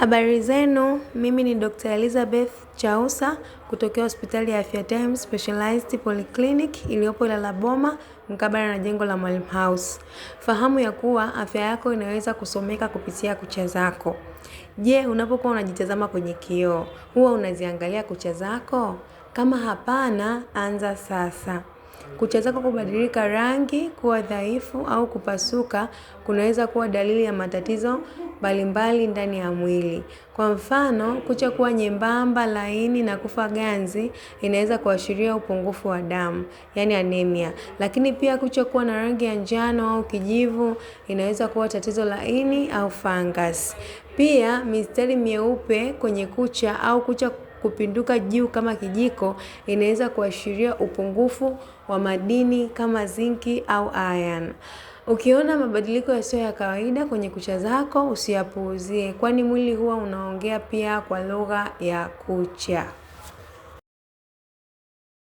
Habari zenu, mimi ni Dr. Elizabeth Chausa kutokea hospitali ya Afya Time Specialized Polyclinic iliyopo Ilala Boma mkabala na jengo la Mwalimu House. Fahamu ya kuwa afya yako inaweza kusomeka kupitia kucha zako. Je, unapokuwa unajitazama kwenye kioo, huwa unaziangalia kucha zako? Kama hapana, anza sasa kucha zako kubadilika rangi, kuwa dhaifu au kupasuka kunaweza kuwa dalili ya matatizo mbalimbali ndani ya mwili. Kwa mfano, kucha kuwa nyembamba, laini na kufa ganzi inaweza kuashiria upungufu wa damu, yaani anemia. Lakini pia kucha kuwa na rangi ya njano au kijivu inaweza kuwa tatizo la ini au fungus. Pia mistari myeupe kwenye kucha au kucha kupinduka juu kama kijiko inaweza kuashiria upungufu wa madini kama zinki au iron. Ukiona mabadiliko yasiyo ya kawaida kwenye kucha zako usiyapuuzie, kwani mwili huwa unaongea pia kwa lugha ya kucha.